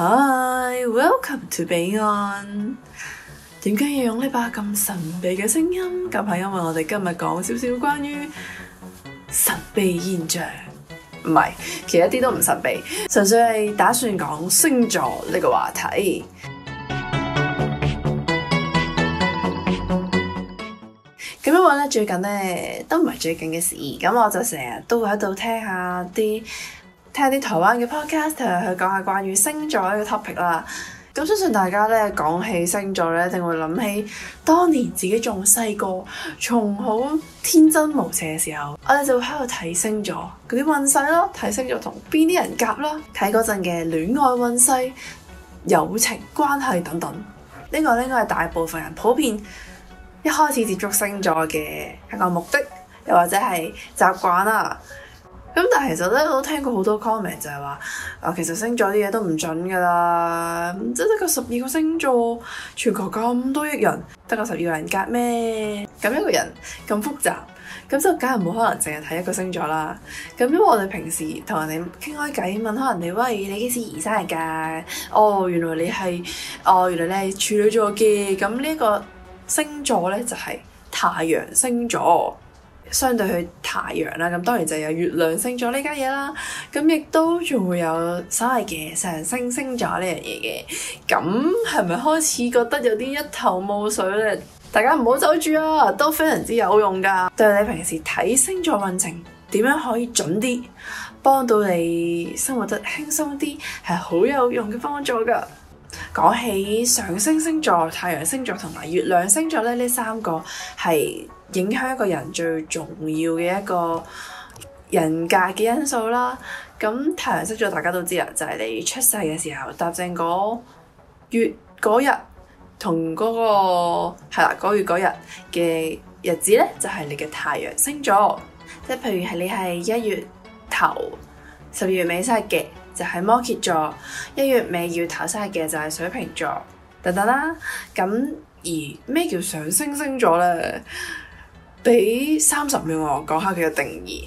Hi，welcome to 彼岸。點解要用呢把咁神秘嘅聲音？咁係因為我哋今日講少少關於神秘現象，唔係，其實一啲都唔神秘，純粹係打算講星座呢個話題。咁 因為我咧最近咧都唔係最近嘅事，咁我就成日都會喺度聽一下啲，聽啲台灣嘅 podcaster 去講下關於星，星座呢個 topic 啦。咁相信大家咧講起星座咧，一定會諗起當年自己仲細個，從好天真無邪嘅時候，我哋就會喺度睇星座，嗰啲運勢咯，睇星座同邊啲人夾啦，睇嗰陣嘅戀愛運勢、友情關係等等。呢、呢個咧應該係大部分人普遍一開始接觸星座嘅一個目的，又或者係習慣啦。咁但係其實咧，我都聽過好多 comment 就係話，啊、哦、其實星座啲嘢都唔準噶啦，即係得個十二個星座，全球咁多億人，得個十二個人格咩？咁一個人咁複雜，咁就梗係冇可能淨係睇一個星座啦。咁因為我哋平時同人哋傾開偈，問開人哋喂，你幾時生日噶？哦，原來你係，哦，原來你係處女座嘅。咁呢一個星座咧就係、是、太陽星座。相對佢太陽啦，咁當然就有月亮星座呢家嘢啦，咁亦都仲會有所謂嘅上升星座呢樣嘢嘅，咁係咪開始覺得有啲一頭霧水呢？大家唔好走住啊，都非常之有用噶，對你平時睇星座運程點樣可以準啲，幫到你生活得輕鬆啲，係好有用嘅幫助噶。講起上升星座、太陽星座同埋月亮星座咧，呢三個係影響一個人最重要嘅一個人格嘅因素啦。咁太陽星座大家都知啊，就係、係、你出世嘅時候，踏正嗰月嗰日同嗰、嗰個係啦，嗰月嗰日嘅日子咧，就係、係、你嘅太陽星座。即係譬如係你係一月頭十二月尾生日嘅，就係摩羯座，一月尾二月頭生日嘅就係水瓶座，等等啦。咁而咩叫上升星座呢？俾三十秒我講下佢嘅定義，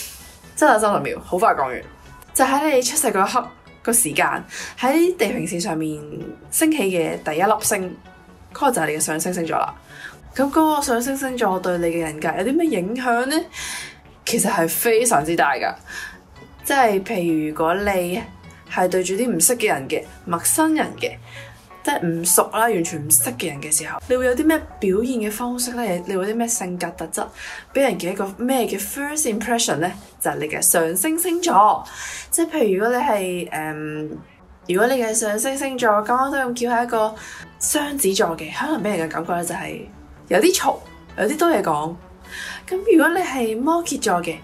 真係三十秒，好快講完。 就喺你出世嗰一刻、個時間喺地平線上面升起嘅第一粒星，嗰個就係你嘅上升星座啦。咁嗰個上升星座對你嘅人格有啲咩影響呢？其實係非常之大噶。即係譬如，如果你係對住啲唔識嘅人嘅陌生人嘅，即係唔熟啦，完全唔識嘅人嘅時候，你會有啲咩表現嘅方式咧？你會有啲咩性格特質，俾人嘅一個咩嘅 first impression 咧？就係你嘅上升星座。即係譬如，如果你係誒、呃，如果你嘅上升星座剛剛都咁叫係一個雙子座嘅，可能俾人嘅感覺咧就係有啲嘈，有啲多嘢講。咁如果你係摩羯座嘅，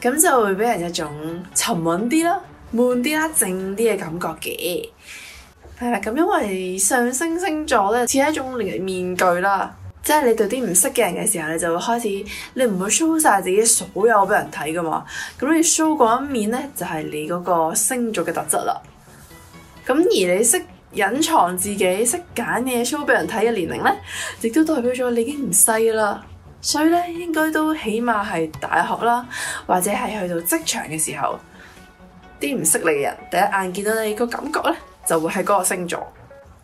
咁就會俾人一種沉穩啲啦、悶啲啦、靜啲嘅感覺嘅。係啦，咁因為上升星座咧，似係一種面具啦，即係你對啲唔識嘅人嘅時候，你就會開始，你唔會 show 晒自己所有俾人睇噶嘛。咁你 show 嗰一面咧，就係、是、你嗰個星座嘅特質啦。咁而你識隱藏自己、識揀嘢 show 俾人睇嘅年齡咧，亦都代表咗你已經唔細啦。所以咧，應該都起碼係大學啦，或者係去到職場嘅時候，啲唔識你嘅人第一眼見到你個感覺咧，就會係嗰個星座。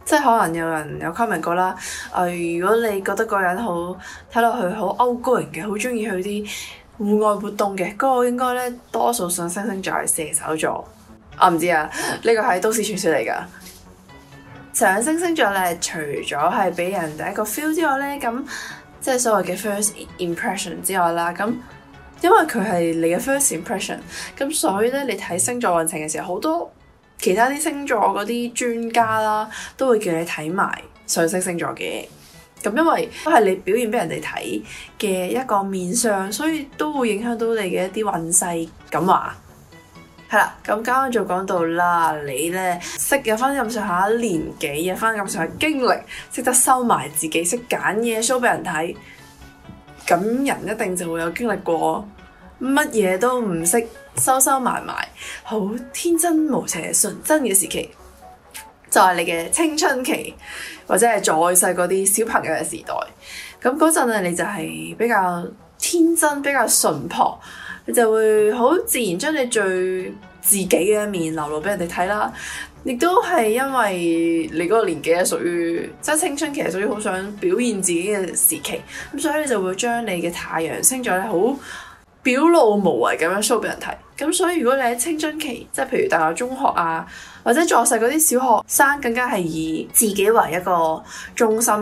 即係可能有人有 comment 過啦，誒、呃，如果你覺得個人好睇落去好歐高人嘅，好中意去啲戶外活動嘅，嗰、那個應該咧，多數上升星座、射手座。我唔知啊，呢個係都市傳說嚟噶。上升星座咧，除咗係俾人第一個 feel 之外咧，咁。即係所謂嘅 first impression 之外啦，咁因為佢係你嘅 first impression，咁所以咧你睇星座運程嘅時候，好多其他啲星座嗰啲專家啦，都會叫你睇埋上升星座嘅，咁因為都係你表現俾人哋睇嘅一個面相，所以都會影響到你嘅一啲運勢咁話。係啦，咁啱啱就講到啦，你呢，識有翻咁上下年紀，有翻咁上下經歷，識得收埋自己，識揀嘢 show 俾人睇，咁人一定就會有經歷過乜嘢都唔識收收埋埋埋，好天真無邪純真嘅時期，就係你嘅青春期，或者係再細嗰啲小朋友嘅時代。咁嗰陣啊，你就係比較天真，比較純樸。你就會好自然將你最自己嘅一面流露俾人哋睇啦，亦都係因為你嗰個年紀係屬於，即係青春期，屬於好想表現自己嘅時期，咁所以你就會將你嘅太陽星座咧好，表露無遺咁樣 show 俾人睇，咁所以如果你喺青春期，即係譬如大學中學啊，或者作細嗰啲小學生，更加係以自己為一個中心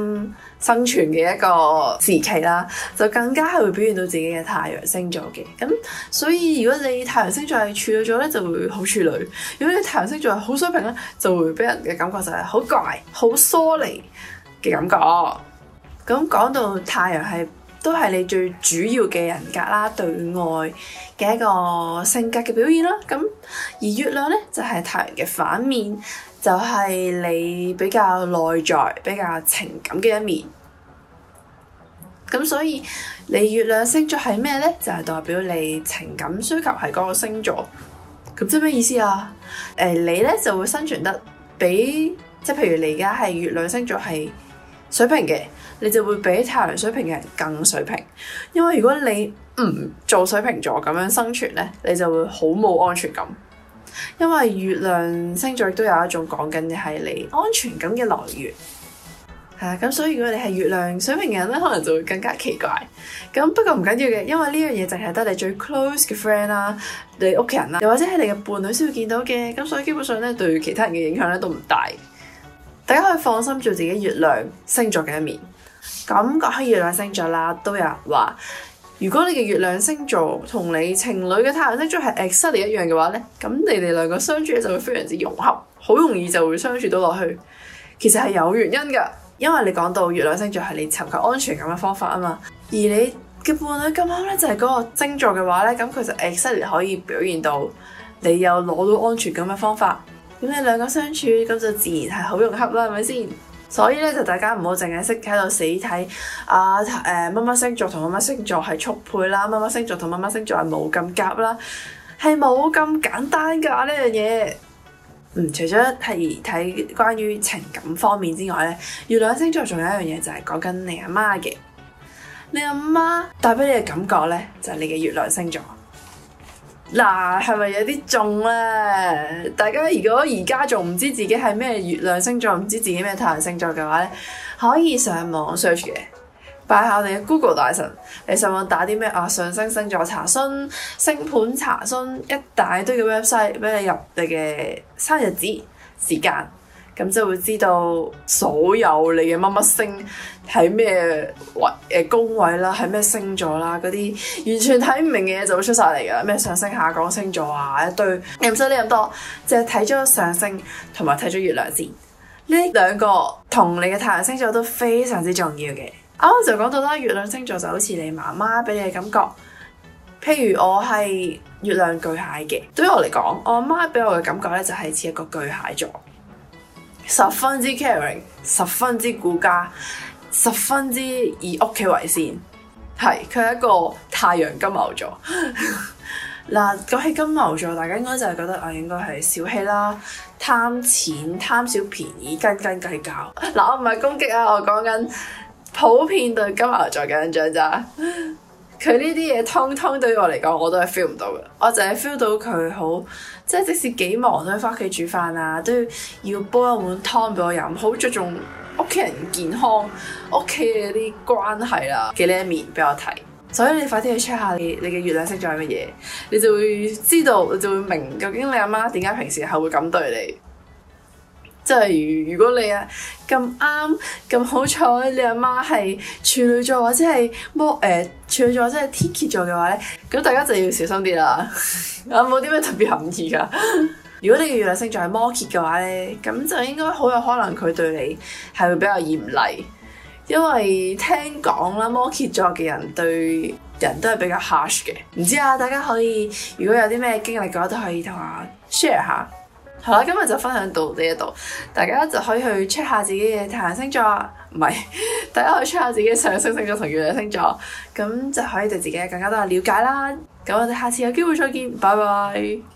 生存嘅一個時期啦，就更加係會表現到自己嘅太陽星座嘅。咁所以如果你太陽星座係處女座呢，就會好處女；如果你太陽星座係好水瓶呢，就會俾人嘅感覺就係好怪、好疏離嘅感覺。咁講到太陽係，都係你最主要嘅人格啦，對外嘅一個性格嘅表現啦。咁而月亮呢，就係太陽嘅反面，就係、是、你比較內在、比較情感嘅一面。咁所以你月亮星座係咩呢？就係、是、代表你情感需求係嗰個星座。咁即係咩意思啊？誒、呃，你呢就會生存得比即係，就是、譬如你而家係月亮星座係水瓶嘅，你就會比太陽水瓶嘅人更水瓶，因為如果你唔、嗯、做水瓶座咁樣生存呢，你就會好冇安全感，因為月亮星座亦都有一種講緊嘅係你安全感嘅來源，係啦，咁所以如果你係月亮水瓶嘅人呢，可能就會更加奇怪，咁不過唔緊要嘅，因為呢樣嘢淨係得你最 close 嘅 friend 啦，你屋企人啦，又或者係你嘅伴侶先會見到嘅，咁所以基本上呢，對其他人嘅影響呢都唔大。大家可以放心做自己月亮星座嘅一面。咁講起月亮星座啦，都有人話，如果你嘅月亮星座同你情侶嘅太陽星座係 exactly 一樣嘅話呢，咁你哋兩個相處咧，就會非常之融合，好容易就會相處到落去。其實係有原因噶，因為你講到月亮星座係你尋求安全感嘅方法啊嘛，而你嘅伴侶咁啱咧就係、是、嗰個星座嘅話呢，咁佢就 exactly 可以表現到你有攞到安全感嘅方法。咁你兩個相處咁就自然係好融洽啦，係咪先？所以咧就大家唔好淨係識喺度死睇啊誒乜乜星座同乜乜星座係速配啦，乜乜星座同乜乜星座係冇咁夾啦，係冇咁簡單噶呢樣嘢。唔、這個、除咗係睇關於情感方面之外咧，月亮星座仲有一樣嘢就係講緊你阿媽嘅，你阿媽帶俾你嘅感覺咧就係、是、你嘅月亮星座。嗱，係咪有啲重咧？大家如果而家仲唔知自己係咩月亮星座，唔知自己咩太陽星座嘅話咧，可以上網 search 嘅，拜下我哋嘅 Google 大神，你上網打啲咩啊上升星座查詢、星盤查詢，一大堆嘅 website 俾你入你嘅生日子時間。咁就會知道所有你嘅乜乜星係咩位誒宮位啦，係咩星座啦，嗰啲完全睇唔明嘅嘢就會出晒嚟噶，咩上升下降星座啊，一堆你唔使理咁多，淨係睇咗上升同埋睇咗月亮先。呢兩個同你嘅太陽星座都非常之重要嘅。啱啱就講到啦，月亮星座就好似你媽媽俾你嘅感覺，譬如我係月亮巨蟹嘅，對於我嚟講，我媽俾我嘅感覺咧就係似一個巨蟹座。十分之 caring，十分之顧家，十分之以屋企為先，係佢係一個太陽金牛座。嗱、 啊，講起金牛座，大家應該就係覺得啊，應該係小氣啦，貪錢，貪小便宜，斤斤計較。嗱，我唔係攻擊啊，我講緊普遍對金牛座嘅印象咋。佢呢啲嘢通通對我嚟講，我都係 feel 唔到嘅。我淨係 feel 到佢好，即係即使幾忙都返屋企煮飯啊，都要煲一碗湯俾我飲，好著重屋企人健康，屋企嘅啲關係啦，幾靚面俾我睇。所以你快啲去 check 下你你嘅月亮星座係乜嘢，你就會知道，你就會明究竟你阿媽點解平時係會咁對你。即係如果你啊，咁啱咁好彩，你阿媽係處女座或者係摩誒處女座或者係天蠍座嘅話咧，咁大家就要小心啲啦。有冇啲咩特別含義噶？如果你嘅月亮星座係摩羯嘅話咧，咁就應該好有可能佢對你係會比較嚴厲，因為聽講啦，摩羯座嘅人對人都係比較 harsh 嘅。唔知啊，大家可以如果有啲咩經歷嘅話，都可以同我 share 下。好啦，今日就分享到呢一度，大家就可以去 check 下自己嘅太陽星座，唔係，大家可以 check 下自己嘅上升星座同月亮星座，咁就可以對自己更加多嘅了解啦。咁我哋下次有機會再見，拜拜。